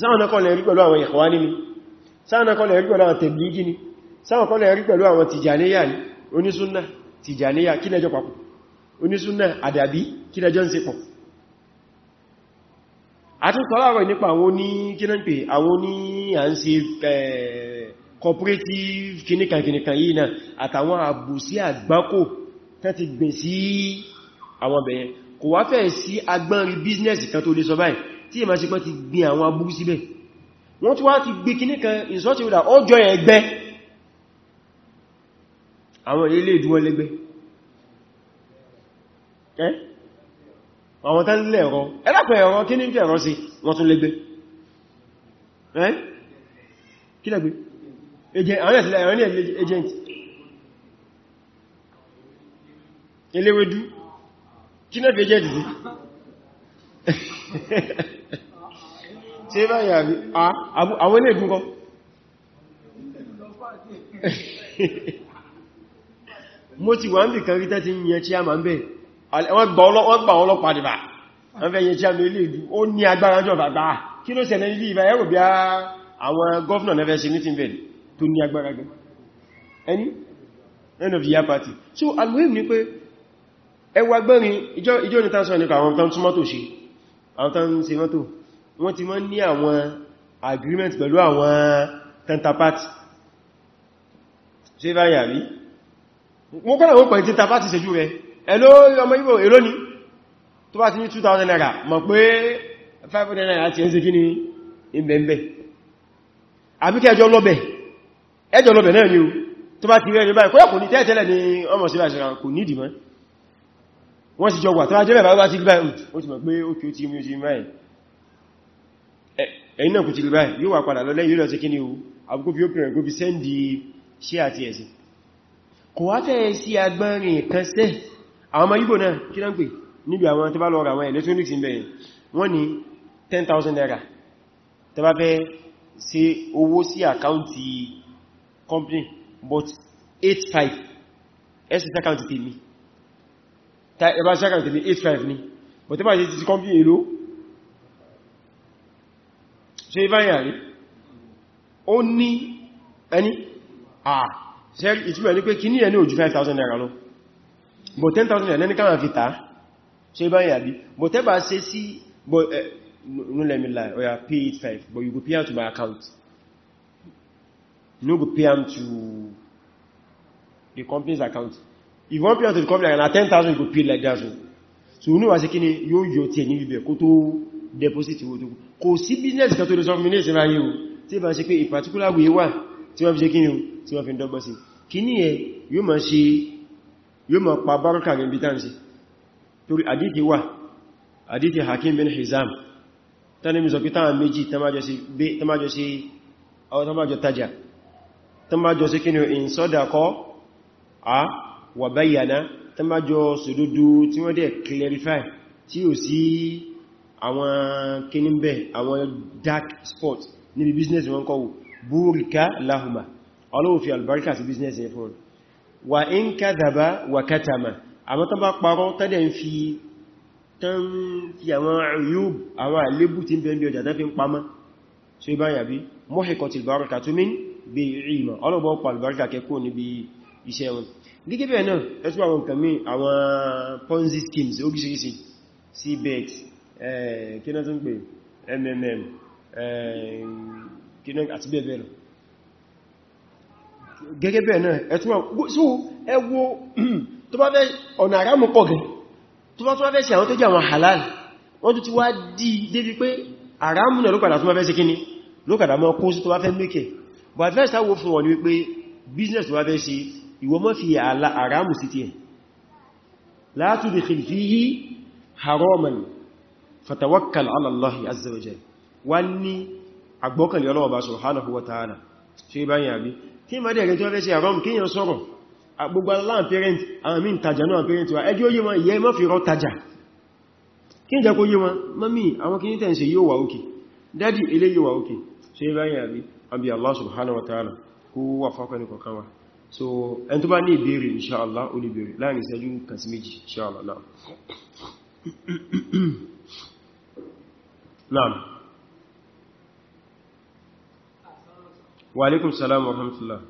sáwọn náà kọ́ lè rí pẹ̀lú àwọn ìhwání ni sáwọn náà kọ́ lè rí pẹ̀lú àwọn tẹ̀blígì ni sáwọn kọ́ lè rí pẹ̀lú àwọn tìjàníyà ni onísúnnà tìjàníyà kí lẹ́jọ papọ̀ onísúnnà àdàbí kí lẹ́jọ ń ṣe pọ̀ àti sọ́láwọ̀ nípa àwọn oní eh, cooperative kìnìkan kìnìkan yìí náà àtàwọn àbùsí àgbákò tán ti gbìn sí àwọn bẹ̀yẹn kò wá sí agbọ́nrin business kan tó lè sọ báyìí tí ìmá ṣe pẹ́ ti gbin àwọn abúrú síbẹ̀ wọ́n tí wá ti gbé kí ní kan ìsọ́tí ìrọ̀dà ọjọ́ ẹgbẹ́ àwọn ilé ìdúwọ́ lẹ́gbẹ́ àwọn tán lẹ́ ẹ̀rọ ẹlẹ́pẹ̀ ẹ̀rọ kí ní ń fẹ̀rọ sí wọ́n tún lẹ́gbẹ́ kí lẹ́gbẹ́ agent eléwédú kí náà fi agent sí ṣe báyìí àbí àwọn ilé ìdúnkọ́ mo ti wà ń bì kan rí tẹ́ ti ń yẹ chíàmà ń bẹ̀ wọ́n gbà ọlọ́pàá dìbà wọ́n fẹ́ yẹ chíàmà ilé ìdú ó ní agbára jọ bàbá kí ló ṣẹlẹ̀ ilé ìbá ẹ̀rọ bí àwọn gọ́fìnà lẹ́fẹ́ sí ní tìǹbẹ̀ tó ní agbára gan ẹni end of the year party so alwim ni pé ẹwà gbẹ́rin ìjọ́ ìjọ́ ní tásán nípa àwọn tán túnmọ́ tó ṣe àwọn tán ṣe mọ́tò wọ́n ti mọ́ ní àwọn agreement pẹ̀lú àwọn counterpart ṣe báyà rí wọ́n kọ́nà wọ́n pẹ̀lú counterpart ṣejú rẹ̀ ẹ̀lọ́ ọmọ Ìgbò èló ni tó bá ti ní 2000 naira mọ̀ pé 500 naira ti ẹ́ ṣe kí ni ìbẹ̀m̀bẹ̀ àbíkẹ́ ẹjọ́ lọ́bẹ̀ ẹjọ́ lọ́bẹ̀ náà ni ó tó bá ti rẹ̀ ní báyìí kó yà kò ní tẹ́ẹ̀tẹ́lẹ̀ ni ọmọ sí báyìí kò ní ìdìmọ́ wọ́n sì jọ wà tó wá jẹ́bẹ̀ bá ti gbáyìí ó ti mọ̀ pé ó kí ó ti mú sí máa ẹ̀yìn náà kò ti gbáyìí yóò wà padà lọ́lẹ́ yóò lọ sí kí ni o àbúkú fi ó pèrè góbi sẹ́ndì ṣe àti ẹ̀sì kò wá fẹ́ sí agbárin kan sẹ́ àwọn ọmọ yíbò náà kí náà pè níbi àwọn tó bá lọ ra àwọn electronics ń bẹ̀yìn wọ́n ní 10,000 naira tó bá fẹ́ sí owó sí àkáùntì company but 85 ẹ̀sì sí àkáùntì tèmi 85 ẹbá ṣákà tèmi 85 ní but ẹbá ṣe ti kọ́ bí èlò ṣe ìbáyà rí ó ní ẹni àà ṣe ìtumẹ̀ ní pé kí ní ẹni ojú 5,000 naira lọ but 10,000 naira lẹ́ni káwọn fi tàá ṣe ìbáyà bí but ẹbá ṣe sí no let me lie oya pay it 5 but you go pay am my account you no pay am the company's account if one person to come like na 10,000 you go pay like that so so you know wa ṣe kíni yóò yọ tí ẹni bíbẹ̀ kó tó deposit owó tó kò sí business kan tó lè sọ fún mi ní ìsinmi ayé o tí bá ń ṣe pé in particular way wà tí wọ́n fi ṣe kíni o tí wọ́n fi ń dọ́gbọ́ sí kíní ẹ yóò máa ṣe yóò máa pa bárúkà rẹ̀ bí táǹsì torí àdíkì wà àdíkì Hakim bin Hizam tánàmì sọ pé táwọn méjì tamájọ tajà tamájọ sí kíni o in sọ́dà kọ́ wà báyàná tó má jọ sódódó tí wọ́n dẹ̀ clarify tí ò sí àwọn kínímbẹ̀ àwọn dark spot níbi business wọn kọwò búrìká láhùmá ọlọ́wọ́ fi albarka sí business yẹn fún wà in kadhaba wà katama àwọn tó bá parọ́ tẹ́dẹ̀ ń fi tán fi àwọn ayub àwọn àlébù tí ń bẹ ń bí ọjà tán fi ń pamọ́ tí iṣẹ́ gẹ́gẹ́ bẹ́ẹ̀ náà ẹ̀tún àwọn nǹkan mí àwọn ponzi schemes oríṣiríṣi cbex kíná tó ń pè mmm kíná àti bẹ́ẹ̀ bẹ́ẹ̀ lọ gẹ́gẹ́ bẹ́ẹ̀ náà ẹ̀tún ẹwọ tó bá fẹ́ ọ̀nà àrámù pọ̀ gẹ̀ tó bá tó bá fẹ́ sí àwọn tó jẹ́ àwọn halal wọ́n tó ti wá dí débi pé àrámù náà lókàdà tó business tó bá fẹ́ sí ìwọ mọ́ fi àlà àrámù sí ti ẹ̀ la tudkhil fihi haraman fatawakkal ala Allahi azza wa jalla wá ní agbọ́kànlẹ̀ Ọlọ́run Ọba subhanahu wa ta'ala ṣe báyìí àbí kí ma dẹ̀ rẹ̀ tí wọ́n fẹ́ sí àrámù kí yẹn sọ́rọ̀ gbogbo ṣe yóò wà òkè àbí Allah subhanahu wa ta'ala kó wà fọ́kànlẹ̀ kọ̀kan wa so ẹn tó bá ní ìbéèrè inṣáàlá ó lè béèrè láàrin ìṣẹ́jú kan sí méjì inṣáàlá náà naam wa alaikum salam wa rahmatullah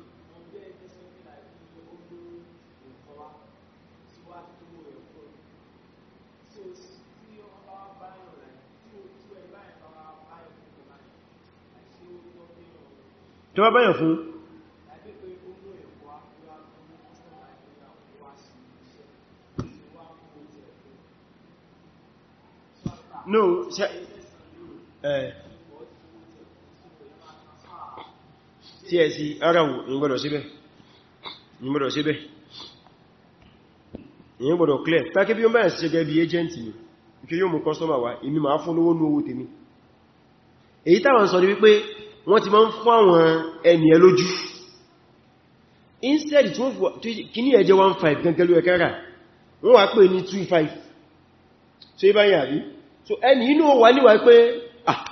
tó bá báyàn fún no ṣe ẹ̀ tí ẹ̀ sí ara e, wò ní gbọ́dọ̀ síbẹ̀ ní gbọ́dọ̀ síbẹ̀ ní gbọ́dọ̀ clear tàkí bí o bá ṣe gẹ́ bí agent ni kí yóò mú customer wá èmi máa fún lówó lówó tèmi èyí táwọn sọ ní wípé wọ́n ti máa ń fún àwọn ènìyàn lójú instead tí wọ́n fún kí ní ẹjẹ́ 15 gẹ́gẹ́lú ẹ̀kẹ́rà wọ́n wá pè ní 25 tí ó bá yà bí so ẹni inú wà níwà pé ah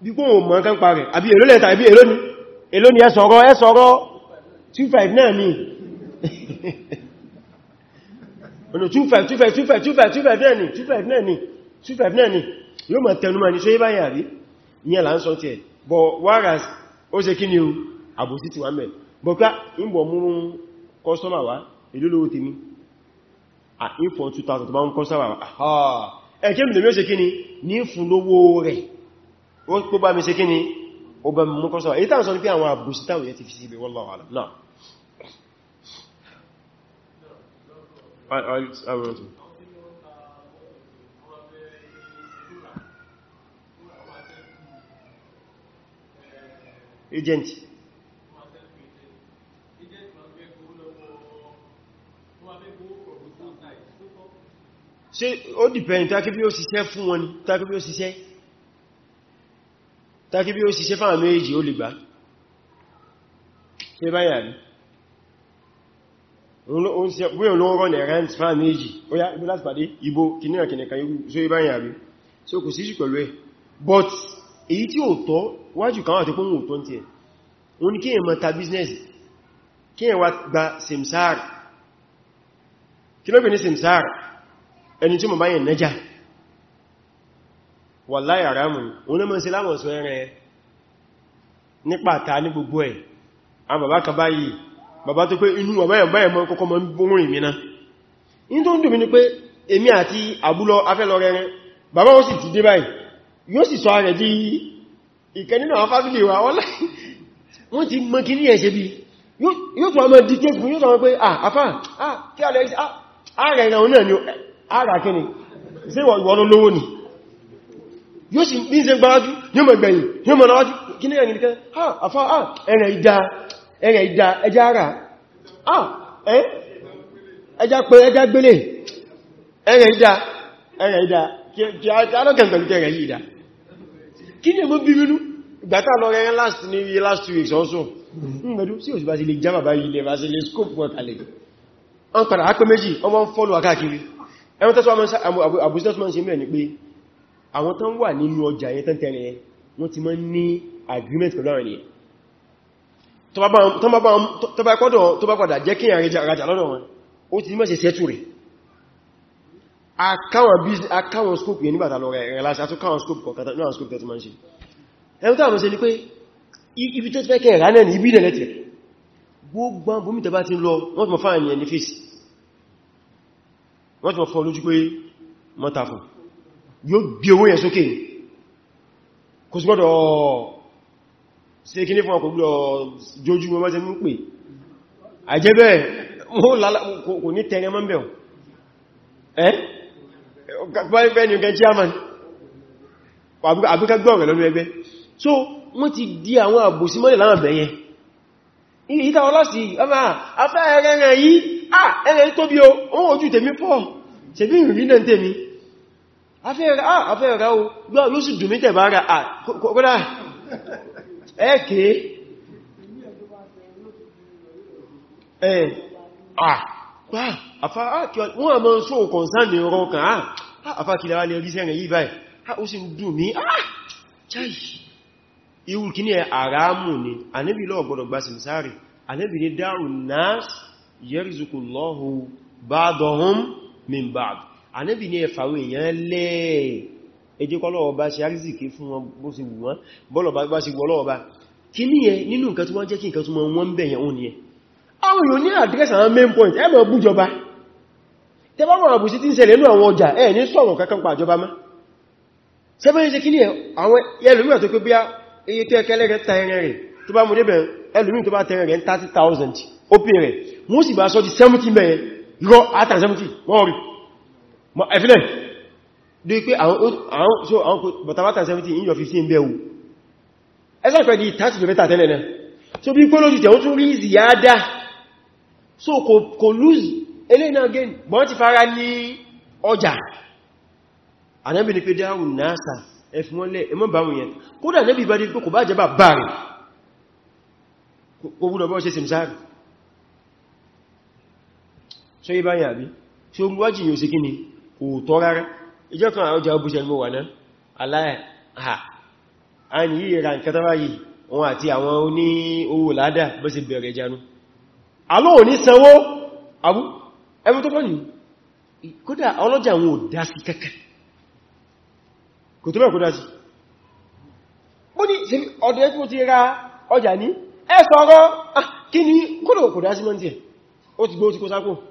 bí kó mọ̀ kán parẹ̀ àbí èló lẹ́ta àbí èló ni èló ni ẹsọ̀rọ̀ ẹsọ̀rọ̀ 25 náà ni ọ̀nà 25 25 25 25 25 náà ni 25 náà ni 25 náà ni yóò mọ̀ tẹnumọ̀ ní ṣe é báyìí àbí ní ẹ̀là tí ẹ̀ ni o àbòsí ti wà mẹ́ bọ̀ká ìbọ̀ mú kọ́sọ́mà wá ìlúlówó ti ní à ń fọ́ 2000 tó bá ń kọ́sọ́mà wá ẹ̀kẹ́ mi lè mẹ́sẹ̀ kíni ní fún lówó rẹ̀ ó pọ́ bá mi ṣe kíni ó bá mú kọ́sọ̀ èyí tàbí sọ ní pé àwọn àbùsí táwọn yẹ ti fi síbẹ̀ wallahu ṣe ó dìpẹ̀yìn tákíbí ó ṣiṣẹ́ fún wọn tákíbí ó ṣiṣẹ́ tákíbí ó ṣiṣẹ́ fáwọn méjì ó lè gbá ṣe báyà rí wí olóòrọ̀ ní rent fáwọn méjì ó yá ibi láti pàdé ibo kìnnìyàn kìnnìkan yóò ṣe báyà so kò sí but èyí tí ó tọ́ wájú kan wà tó pọ́n òtọ́ ti ẹ̀ o ní kíyàn mọ́ta business kíyàn wá gba simsar kí ló pè ní simsar ẹni tí mo bá yẹn nẹ́jà wallahi haramu oní mọ́ sí láwọn sọ ẹ̀rẹ́ nípa ta ní gbogbo ẹ̀ a bàbá kan báyìí bàbá tó pé inú bàbá yẹn báyẹ̀ mọ́ kọ́kọ́ mọ́ bóhùn ìmìnà in tó ń dùn mí ní pé èmi àti àbúlọ afẹ́lọ rẹ̀rẹ̀ bàbá ó sì ti dé báyìí yóò sì sọ rẹ̀ di ìkẹ́ nínú yóò tó ọmọ pé ah afá ah kí alẹ́ ah rẹ̀ rẹ̀ òun náà ni ara kíni sí ìwọ̀n olówó ni yóò sì ní ṣe gbáwájú yóò mọ̀ gbẹ̀yìn yóò mọ̀ náwájú kí ní ha ha ìgbàtà lọ rẹ̀rẹ̀ last ní rí last two weeks also mẹ́dú sí òsì sí lè jábà bá ilẹ̀ bá sí lè scope méjì ọmọ ń fọ́lù ẹwọ́n tẹ́sọ́ àbúsítọ́sọ́mọ́ sí mẹ́ ni pé àwọn tán wà nínú ọjà yẹn tán tẹ́rẹ wọ́n ti máa ní agreement pẹ̀lú àwọn ènìyàn tó bá padà jẹ́ kí àrajà lọ́dọ̀ wọn ó ti mọ́ sí sẹ́tù rẹ̀ akáwọn scope yẹn nígbàtà lọ rẹ̀ láti àtúkàwọn scope kọ̀kàtà náà scope tẹ́tù máa ń ṣe ẹwọ́n tàbí sí ni pé ibi tó fẹ́ kẹ́ ìrànẹ́ ní ibi ìdẹ̀lẹ́tẹ̀ gbogbo bómi tẹ́bá ti lọ wọ́n ti mọ̀ fáà ní wọ́n ti wọ́n fọ́ lójú pé mọ́ta fún yóò gbé owó yẹn sókè kò sí gbọ́dọ̀ sí kí ní fún ọkọ̀ gbọ́dọ̀ jójú mọ́ mọ́sẹ̀ mú pè àjẹ́bẹ̀ kò ní tẹ́rẹ mọ́ bẹ̀ ẹ́ ìta ọlọ́sì ọmọ afẹ́ ẹ̀rẹ́rẹ́ yìí ah ẹ̀rẹ̀ tó bí o wọ́n ojú tèmi pọ̀ tèmi rí náà tèmi afẹ́ra ah afẹ́ra o gbọ́ ló sì dùnmí tẹ̀bá ara ah kọ́kọ́dá ẹ̀kẹ́ ẹ̀ ah afá ah, wọ́n àmọ́ sọ kọ̀nsáàdì ọ̀rọ̀ kan ah afá kìlá wà lè rí sẹ́rẹ̀ yìí báyìí ah ó sì dùnmí ah chai irú kí ní ẹ̀ àrámù ni ànẹ́bì lọ́ọ̀gbọ́dọ̀ gbásìm sáàrì ànẹ́bì ní dáhùn náà yẹ́rìzùkú lọ́hù ba'dahum min ba'd anẹ́bì ní ẹfàwé èèyàn lẹ́ ẹjẹ́ kọ́lọ́ọ̀bá ṣe àrízìkí fún wọn bó ṣe wù wọ́n bọ́lọ̀bá ṣe wọ́lọ́ọ̀bá kí ní ẹ nínú nǹkan tí wọ́n jẹ́ kí nǹkan tí wọ́n bẹ̀yẹ̀ òun ni ẹ àwọn èèyàn ní main point ẹ mọ̀ bújọba tẹbá mọ̀ àbùsí tí ń ṣẹlẹ̀ inú àwọn ọjà ẹ ní sọ̀rọ̀ kankan pa àjọba má sẹ́bẹ̀ ṣe kí ní iye tó ẹkẹlẹ́rẹ́ ta ẹrẹ rẹ̀ tó bá mú débẹ̀ ẹlòmíà tó bá wọ́n sì bá sọ di 70 mẹ́ lọ àtà 70 wọ́n rí evident dé pé àwọn bàtàbàtà 70 in your 15 bẹ́ o ẹsẹ́ pẹ̀ di 30 to better tẹ́lẹ̀ náà so bí pẹ́lú jùtẹ̀ ó tún rí ziyada so kò lose eléyìn náà gain bọ́n ti fara ní ọjà anẹ́bì ni pé dáhùn nasa ẹfún wọ́n lẹ́ ẹmọ́ bá wọn yẹn kódà nẹ́bì bá dé pé kò bá jẹba bá rẹ̀ kò gbúdọ̀ bọ́ ṣe simsari ṣe ibá yà bí ṣe ogun wájì yóò sí kí ni kò tọ́ rárá ìjọ kan àwọn ọjà ọbúṣẹ́ mọ́ wà náà aláà àní yìí ra nǹkan tọ́rọ yìí wọn àti àwọn oní owó ládà bó sì bẹ̀rẹ̀ jánu alóò ní sanwó abú ẹbí tó kọ́ni kódà ọlọ́jà wọn ò dá sí kẹ́kẹ́ kò tó bẹ̀rẹ̀ dá sí bó ní ọdún ti ra ọjà ní ẹ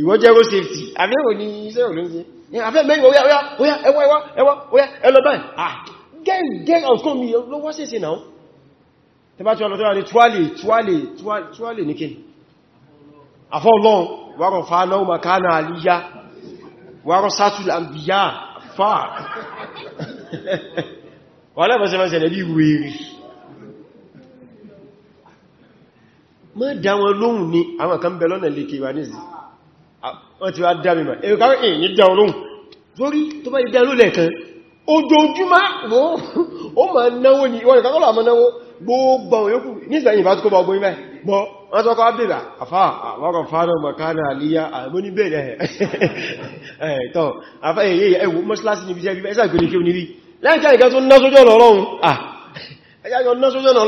ìwọ jẹ́ road safety àbẹ́wò ní iṣẹ́ olóòṣẹ́ àfẹ́ mẹ́rin oya oya oya ẹwọ ẹwọ ẹwọ oya ẹlọ́bẹ̀ ah get get out come here lọ wọ́n sẹ́sẹ́ náà tẹbá tí ọlọ́tọ́ ní tuwálì tuwálì tuwálì ní kíni afọ́lọ́n wárọ̀ fánà makana aliyya wárọ̀ sátúl àmbíyà fáà wà lẹ́fẹ́sẹ́fẹ́sẹ́ lẹ́bí wèrè mọ́ dá wọn lóhùn ní àwọn kan bẹ lọ́nà lè kèwà nízi wọ́n ti wá dámìmọ̀ èrò káwọ́ èyí ní dá olóhun lórí tó bá ìdá olóhun lẹ́ẹ̀kan ojoojúmá ó ma náwó ní ìwọ̀n ìkàkọ́lọ̀ àmọ́ náwó gbogbo àwọn yóò nígbàyìn bá tó kọ́ bá ọgbọ́n ibẹ̀ bọ́ wọ́n tó kọ́ bèèrè àfá àwọn fàánà makana aliyá àmọ́ ní bèèrè ẹ̀ tọ́ àfá èyí ẹwù mọ́sílásí níbi jẹ́ ẹsà ìgbèrè kí o níbi lẹ́nkẹ́ ìgá tó ná sójú ọ̀nà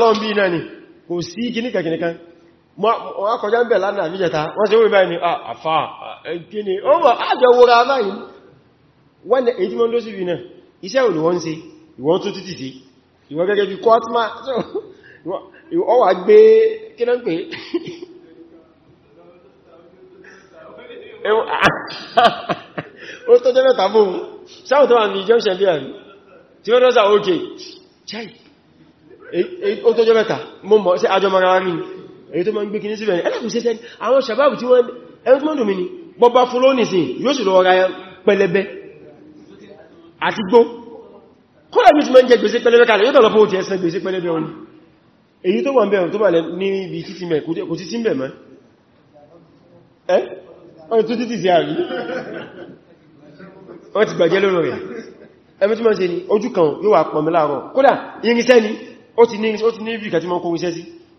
ọlọ́run wọ́n kọjá ń bẹ̀ lánàá àbíjẹta wọ́n sí orí báyìí ni ah, àfà ẹ̀kí ni ó mọ̀ àjọ ah, wòrà báyìí wọ́n èyí tí wọ́n ló sí ìrìnà iṣẹ́ òní wọ́n ń ìwọ́n tó títì sí ìwọ́n gẹ́gẹ́ bí kọ́tmà ó gbé kí èyí tó ma ń gbé kìí síbẹ̀ ẹlẹ́kùnsẹ́sẹ́ àwọn sàbábù tí wọ́n ẹni tó mọ́ dùn mí ní bọ́bá fúlọ́ nìsìn yóò sì lọ ra pẹlẹbẹ àti gbó kọ́lá bí i ti ma ń jẹ gbèsè pẹlẹbẹ kalẹ̀ yóò tọ́lọ fún òtí ẹsẹ gbèsè pẹlẹbẹ wọn èyí tó wà ń bẹ̀rùn tó bà ní ibi títí mẹ́ kò títí mẹ́ mọ́ ẹ́ ọ̀rọ̀ tó títí sí àrí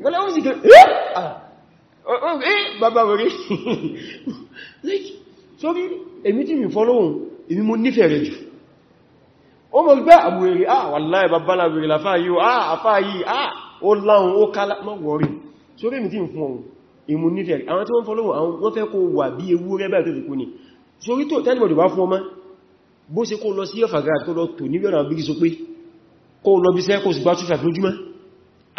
When I was like, eh? Ah. Oh, oh eh, bàbá wèrè. sorry, èmi tí mi follow èmi mo nífẹ̀ẹ́ rẹ̀ jù. Ó mọ̀ gbé àbúrẹ̀ ah, ah, wallahi bàbá làwèrè làfáà yìí, ah, àfáà yìí, ah, ó láhun, ó kálá, má wọ́rì. Sorry, èmi tí mi fún ọ̀hún, èmi mo nífẹ̀ẹ́ Àwọn tí wọ́n follow àwọn wọ́n fẹ́ kó wà bí ewúrẹ́ báyìí tó Sorry tó tẹ́lẹ̀bọ̀dì wá fún ọmọ, bó ṣe kó lọ sí ọ̀fàgà tó lọ tò níbẹ̀rẹ̀ àbígi so pé kó lọ bí sẹ́kọ̀ọ́sì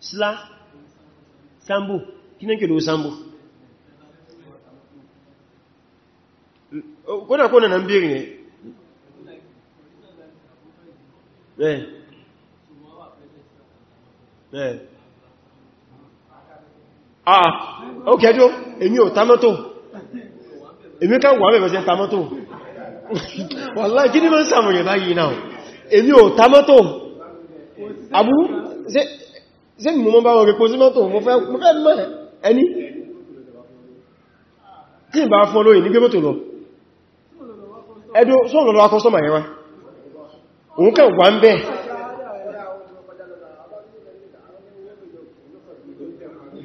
sílá sambo kí ní kìlò sambo kódà kó nà ń bèèrè ẹ̀ ẹ̀ ah ókèjọ́ èmi ò tamọ́tò èmi ká wà bẹ̀bẹ̀ sí tamọ́tò wàláì kí ní mọ́ sàmù yẹ̀ báyìí náà èmi ò ta mọ́tò àbú ṣe mi mọ́ bá wọn repo sí mọ́tò mo fẹ́ mọ́ ẹni kí ìbá fún olóyìn ní gbé mọ́tò lọ ẹdó sọ́rọ̀ lọ́wọ́ kọ́sọ́mà yẹn wá òun kẹ́ wà ń bẹ́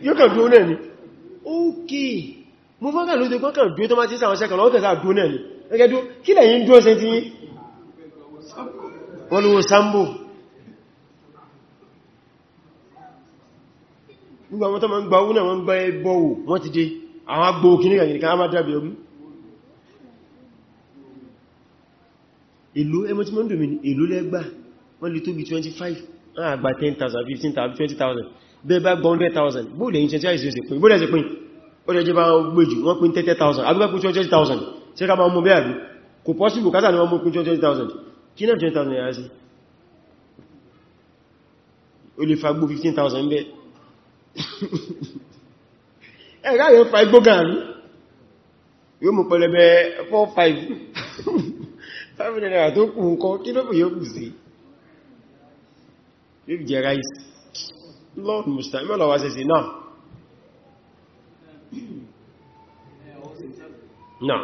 yóò kẹ́ dúó náà ni ókè mo fọ́kà ló ti kọ́kà dúó tó má ti sáwọn sẹ́kà lọ́wọ́ kẹta dúó náà ni ẹgẹ́dú kí lẹ́yìn dúó sẹ́ ti wọ́n lówó sambo nígbà wọ́n tó ma ń gba owó náà wọ́n gba ẹgbọ́wò wọ́n ti dé àwọn agbó kìíní gàgìrì kan á má dábẹ̀ ọmú èlò ẹmọ tí mọ́ ń dòmìn èlò lẹ́gbà wọ́n lè tó bí 25 àgbà 10,000 15,000 20,000 bẹ́ẹ̀ bá gbọ́ 100,000 bóòlẹ̀ yìí ṣẹ́ṣẹ́ ìṣẹ́ pín bóòlẹ̀ ṣe pín ó lè jẹ́ bá gbèjù wọ́n pín 30,000 àgbẹ́gbẹ́ pín 20,000 ṣe ká máa mú bẹ́ẹ̀ rí kò pọ́sílù kátà ni wọ́n mú pín 20,000 kí náà 20,000 naira sí o lè fagbó 15,000 bẹ́ ẹ̀rá yóò fa igbó gàrí yóò mú pẹ̀lẹ̀bẹ̀ 4-5 5 naira tó kù ń kọ kí ló bù yóò kù sí yóò jẹ ráìsì lord musta imọ́lọ̀ wá sẹ́sì náà náà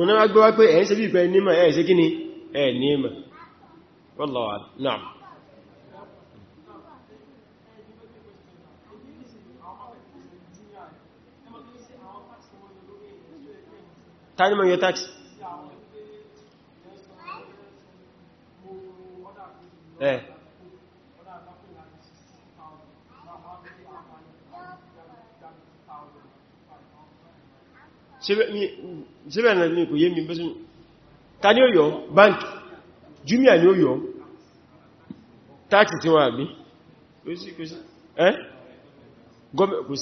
òun náà gbọ́ wá pé ẹ̀ ń ṣe bí ìpẹ́ nímọ̀ ẹ̀ ṣe kíni ẹ̀ nímọ̀ wallahu a'lam tani mọ̀ yọ ẹ̀ ṣe síbẹ̀ náà ní kò yé mi bẹ́sùn ta ní òyọ́ báńkì jùmíà ní òyọ́ táàkì tí wọ́n àbí kò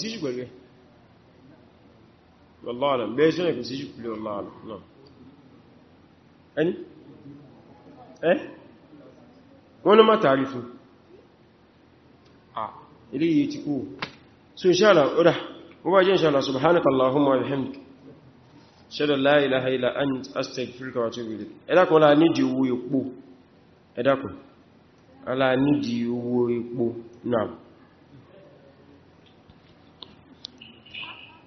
sí jù pẹ̀lú ẹ̀ lọ́lọ́ọ̀lá bẹ́ẹ̀ sọ́nà kò sí jù pẹ̀lú ọlọ́ọ̀lá náà ẹni ẹ́ wọ́n ló má tààrí fún ilé yìí ti kú so inṣáàlá ọ̀dá wọ́n bá jẹ́ inṣáàlá subhanakallahumma wa bihamdika ṣẹ́dọ̀ láìláha ilá and astagfirka wà tó wìlì ẹ̀dàkùn ọlá nídi owó epo ẹ̀dàkùn ọlá nídi owó